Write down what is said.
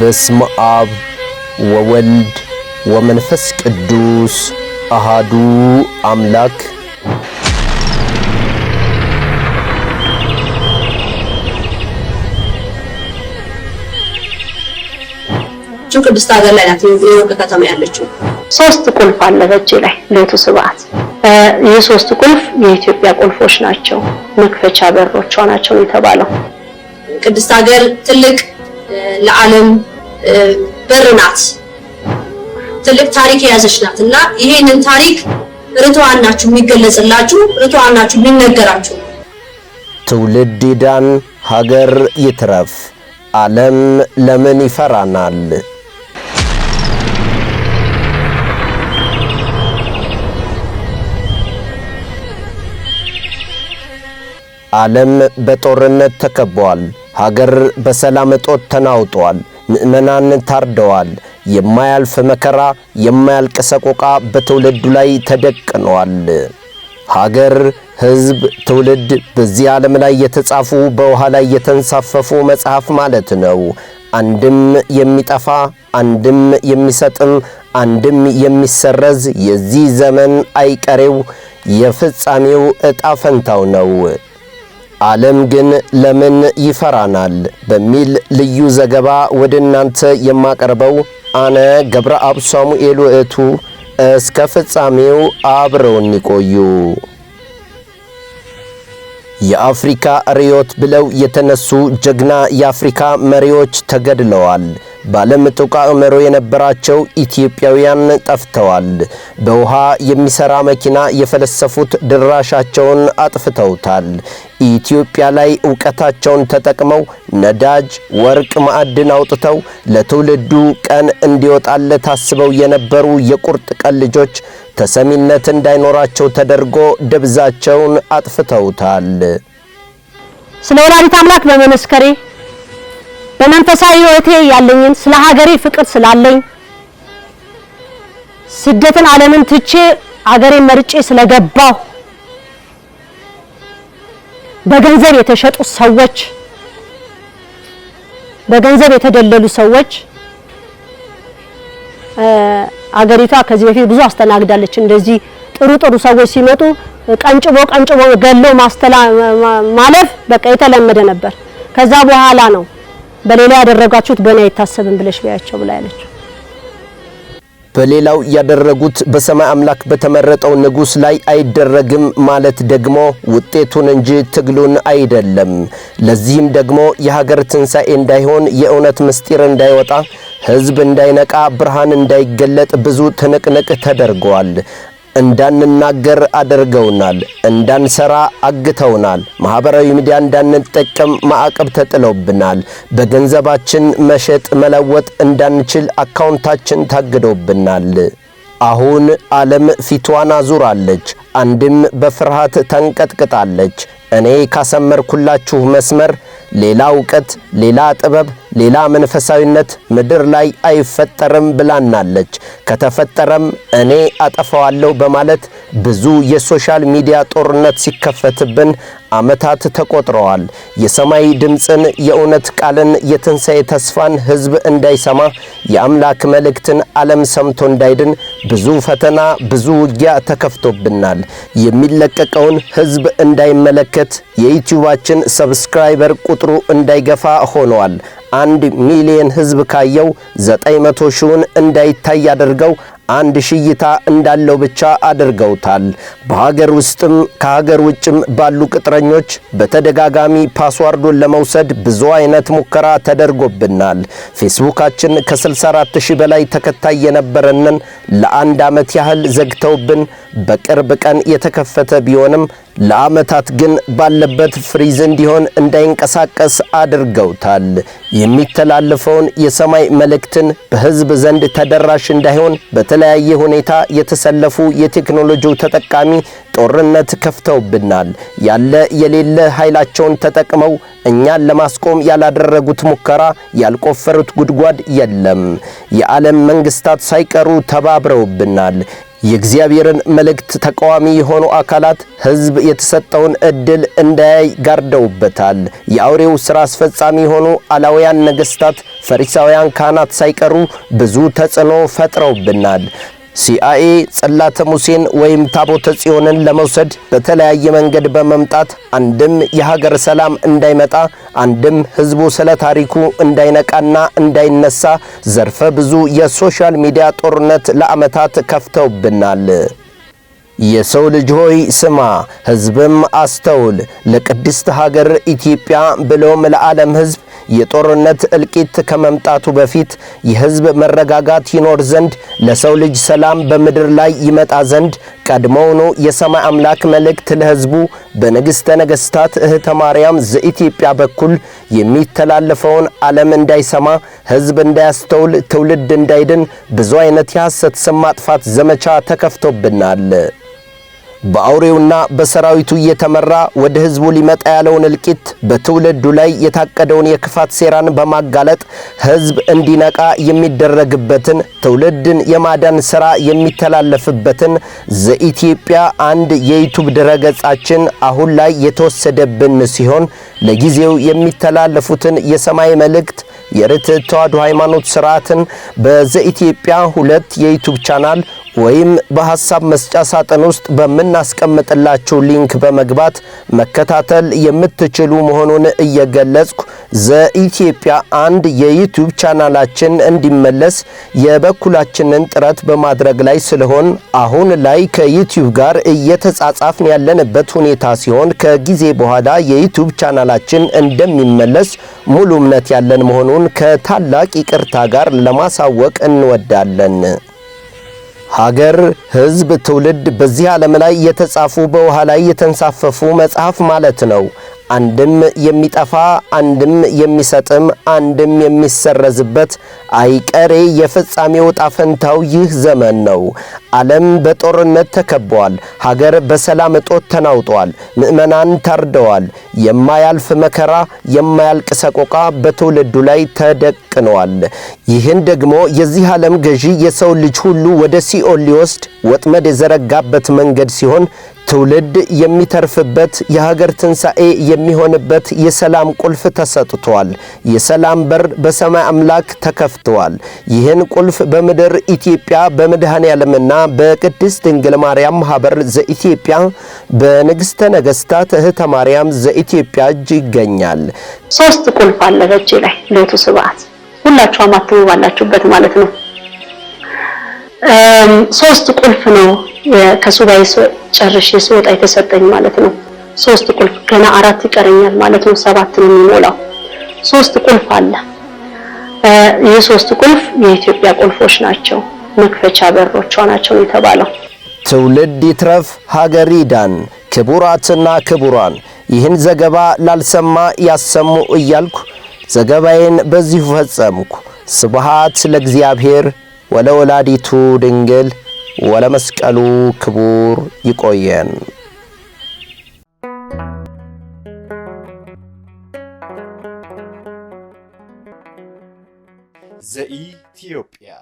በስመ አብ ወወልድ ወመንፈስ ቅዱስ አሃዱ አምላክ ያለችው ቅድስት ሀገር ላይ ናት። የወርቅ ከተማ ያለችው ሶስት ቁልፍ አለ በእጅ ላይ ቤቱ የሶስት ቁልፍ የኢትዮጵያ ቁልፎች ናቸው፣ መክፈቻ በሮቿ ናቸው የተባለው ቅድስት ሀገር ትልቅ ለዓለም በር ናት። ትልቅ ታሪክ የያዘች ናት እና ይሄንን ታሪክ ርቱዓን ናችሁ የሚገለጽላችሁ፣ ርቱዓን ናችሁ የሚነገራችሁ። ትውልድ ይዳን፣ ሀገር ይትረፍ። ዓለም ለምን ይፈራናል? ዓለም በጦርነት ተከቧል። ሀገር በሰላም እጦት ተናውጧል። ምዕመናን ታርደዋል። የማያልፍ መከራ፣ የማያልቅ ሰቆቃ በትውልዱ ላይ ተደቅኗል። ሀገር፣ ሕዝብ፣ ትውልድ በዚህ ዓለም ላይ የተጻፉ በውሃ ላይ የተንሳፈፉ መጽሐፍ ማለት ነው። አንድም የሚጠፋ አንድም የሚሰጥም አንድም የሚሰረዝ የዚህ ዘመን አይቀሬው የፍጻሜው ዕጣ ፈንታው ነው። ዓለም ግን ለምን ይፈራናል? በሚል ልዩ ዘገባ ወደ እናንተ የማቀርበው አነ ገብረአብ ሳሙኤል ውእቱ። እስከ ፍጻሜው አብረውን ይቆዩ። የአፍሪካ ርዕዮት ብለው የተነሱ ጀግና የአፍሪካ መሪዎች ተገድለዋል። ባለም ጥቋ አእምሮ የነበራቸው ኢትዮጵያውያን ጠፍተዋል። በውሃ የሚሰራ መኪና የፈለሰፉት ድራሻቸውን አጥፍተውታል። ኢትዮጵያ ላይ ዕውቀታቸውን ተጠቅመው ነዳጅ፣ ወርቅ፣ ማዕድን አውጥተው ለትውልዱ ቀን እንዲወጣለት አስበው የነበሩ የቁርጥ ቀን ልጆች ተሰሚነት እንዳይኖራቸው ተደርጎ ደብዛቸውን አጥፍተውታል። ስለ ወላዲት አምላክ በመመስከሬ በመንፈሳዊ ሕይወቴ ያለኝን ስለ ሀገሬ ፍቅር ስላለኝ ስደትን ዓለምን ትቼ አገሬን መርጬ ስለገባሁ በገንዘብ የተሸጡ ሰዎች፣ በገንዘብ የተደለሉ ሰዎች አገሪቷ ከዚህ በፊት ብዙ አስተናግዳለች። እንደዚህ ጥሩ ጥሩ ሰዎች ሲመጡ ቀንጭቦ ቀንጭቦ ገሎ ማስተላ ማለፍ በቃ የተለመደ ነበር። ከዛ በኋላ ነው በሌላ ያደረጋችሁት በእኔ አይታሰብም ብለሽ ቢያቸው ብላ ያለችው። በሌላው ያደረጉት በሰማይ አምላክ በተመረጠው ንጉሥ ላይ አይደረግም ማለት ደግሞ ውጤቱን እንጂ ትግሉን አይደለም። ለዚህም ደግሞ የሀገር ትንሣኤ እንዳይሆን የእውነት ምስጢር እንዳይወጣ ሕዝብ እንዳይነቃ ብርሃን እንዳይገለጥ ብዙ ትንቅንቅ ተደርገዋል። እንዳንናገር አድርገውናል። እንዳንሰራ አግተውናል። ማህበራዊ ሚዲያ እንዳንጠቀም ማዕቀብ ተጥለውብናል። በገንዘባችን መሸጥ መለወጥ እንዳንችል አካውንታችን ታግዶብናል። አሁን ዓለም ፊቷን አዙራለች። አንድም በፍርሃት ተንቀጥቅጣለች። እኔ ካሰመርኩላችሁ መስመር ሌላ እውቀት፣ ሌላ ጥበብ፣ ሌላ መንፈሳዊነት ምድር ላይ አይፈጠርም ብላናለች። ከተፈጠረም እኔ አጠፋዋለሁ በማለት ብዙ የሶሻል ሚዲያ ጦርነት ሲከፈትብን ዓመታት ተቆጥረዋል። የሰማይ ድምፅን፣ የእውነት ቃልን፣ የትንሣኤ ተስፋን ሕዝብ እንዳይሰማ የአምላክ መልእክትን ዓለም ሰምቶ እንዳይድን ብዙ ፈተና፣ ብዙ ውጊያ ተከፍቶብናል። የሚለቀቀውን ሕዝብ እንዳይመለከት የዩቲዩባችን ሰብስክራይበር ቁጥሩ እንዳይገፋ ሆነዋል። አንድ ሚሊየን ህዝብ ካየው ዘጠኝ መቶ ሺውን እንዳይታይ አድርገው አንድ ሽይታ እንዳለው ብቻ አድርገውታል። በሀገር ውስጥም ከሀገር ውጭም ባሉ ቅጥረኞች በተደጋጋሚ ፓስዋርዱን ለመውሰድ ብዙ አይነት ሙከራ ተደርጎብናል። ፌስቡካችን ከ64 ሺህ በላይ ተከታይ የነበረንን ለአንድ ዓመት ያህል ዘግተውብን በቅርብ ቀን የተከፈተ ቢሆንም ለዓመታት ግን ባለበት ፍሪዝ እንዲሆን እንዳይንቀሳቀስ አድርገውታል። የሚተላለፈውን የሰማይ መልእክትን በሕዝብ ዘንድ ተደራሽ እንዳይሆን በተለያየ ሁኔታ የተሰለፉ የቴክኖሎጂ ተጠቃሚ ጦርነት ከፍተውብናል። ያለ የሌለ ኃይላቸውን ተጠቅመው እኛን ለማስቆም ያላደረጉት ሙከራ፣ ያልቆፈሩት ጉድጓድ የለም። የዓለም መንግስታት ሳይቀሩ ተባብረውብናል። የእግዚአብሔርን መልእክት ተቃዋሚ የሆኑ አካላት ሕዝብ የተሰጠውን እድል እንዳያይ ጋርደውበታል። የአውሬው ሥራ አስፈጻሚ የሆኑ አላውያን ነገሥታት ፈሪሳውያን ካህናት ሳይቀሩ ብዙ ተጽዕኖ ፈጥረውብናል። ሲአይኤ ጽላተ ሙሴን ወይም ታቦተ ጽዮንን ለመውሰድ በተለያየ መንገድ በመምጣት አንድም የሀገር ሰላም እንዳይመጣ፣ አንድም ሕዝቡ ስለ ታሪኩ እንዳይነቃና እንዳይነሳ ዘርፈ ብዙ የሶሻል ሚዲያ ጦርነት ለዓመታት ከፍተውብናል። የሰው ልጅ ሆይ ስማ፣ ሕዝብም አስተውል። ለቅድስት ሀገር ኢትዮጵያ ብሎም ለዓለም ሕዝብ የጦርነት እልቂት ከመምጣቱ በፊት የሕዝብ መረጋጋት ይኖር ዘንድ ለሰው ልጅ ሰላም በምድር ላይ ይመጣ ዘንድ ቀድሞውኑ የሰማይ አምላክ መልእክት ለሕዝቡ በንግሥተ ነገሥታት እህተ ማርያም ዘኢትዮጵያ በኩል የሚተላለፈውን ዓለም እንዳይሰማ፣ ሕዝብ እንዳያስተውል፣ ትውልድ እንዳይድን ብዙ አይነት የሐሰት ስም ማጥፋት ዘመቻ ተከፍቶብናል። በአውሬውና በሰራዊቱ እየተመራ ወደ ህዝቡ ሊመጣ ያለውን እልቂት በትውልዱ ላይ የታቀደውን የክፋት ሴራን በማጋለጥ ህዝብ እንዲነቃ የሚደረግበትን ትውልድን የማዳን ሥራ የሚተላለፍበትን ዘኢትዮጵያ አንድ የዩቱብ ድረገጻችን አሁን ላይ የተወሰደብን ሲሆን ለጊዜው የሚተላለፉትን የሰማይ መልእክት የርትዕ ተዋሕዶ ሃይማኖት ሥርዓትን በዘኢትዮጵያ ሁለት የዩቱብ ቻናል ወይም በሐሳብ መስጫ ሳጥን ውስጥ በምናስቀምጥላችሁ ሊንክ በመግባት መከታተል የምትችሉ መሆኑን እየገለጽኩ ዘኢትዮጵያ አንድ የዩቲዩብ ቻናላችን እንዲመለስ የበኩላችንን ጥረት በማድረግ ላይ ስለሆን አሁን ላይ ከዩቲዩብ ጋር እየተጻጻፍን ያለንበት ሁኔታ ሲሆን ከጊዜ በኋላ የዩቲዩብ ቻናላችን እንደሚመለስ ሙሉ እምነት ያለን መሆኑን ከታላቅ ይቅርታ ጋር ለማሳወቅ እንወዳለን። ሀገር፣ ሕዝብ፣ ትውልድ በዚህ ዓለም ላይ የተጻፉ በውሃ ላይ የተንሳፈፉ መጽሐፍ ማለት ነው። አንድም የሚጠፋ አንድም የሚሰጥም አንድም የሚሰረዝበት አይቀሬ የፍጻሜው ዕጣ ፈንታው ይህ ዘመን ነው። ዓለም በጦርነት ተከቧል። ሀገር በሰላም እጦት ተናውጧል። ምዕመናን ታርደዋል። የማያልፍ መከራ፣ የማያልቅ ሰቆቃ በትውልዱ ላይ ተደቅነዋል። ይህን ደግሞ የዚህ ዓለም ገዢ የሰው ልጅ ሁሉ ወደ ሲኦል ሊወስድ ወጥመድ የዘረጋበት መንገድ ሲሆን ትውልድ የሚተርፍበት የሀገር ትንሣኤ የሚሆንበት የሰላም ቁልፍ ተሰጥቷል። የሰላም በር በሰማይ አምላክ ተከፍተዋል። ይህን ቁልፍ በምድር ኢትዮጵያ በመድኃኔ ዓለምና በቅድስት ድንግል ማርያም ማኅበር ዘኢትዮጵያ በንግሥተ ነገሥታት እህተ ማርያም ዘኢትዮጵያ እጅ ይገኛል። ሶስት ቁልፍ አለ በእጅ ላይ ሎቱ ስብዓት ሁላችሁም አትቡ ባላችሁበት ማለት ነው። ሶስት ቁልፍ ነው ከሱባኤ ጨርሼ ስወጣ የተሰጠኝ ማለት ነው። ሶስት ቁልፍ ገና አራት ይቀረኛል ማለት ነው። ሰባት ነው የሚሞላው። ሶስት ቁልፍ አለ። የሶስት ሶስት ቁልፍ የኢትዮጵያ ቁልፎች ናቸው፣ መክፈቻ በሮቿ ናቸው የተባለው። ትውልድ ይትረፍ ሀገር ይዳን። ክቡራትና ክቡራን ይህን ዘገባ ላልሰማ ያሰሙ እያልኩ ዘገባዬን በዚሁ ፈጸምኩ። ስብሃት ለእግዚአብሔር ወለወላዲቱ ድንግል ወለመስቀሉ ክቡር ይቆየን። ዘኢትዮጵያ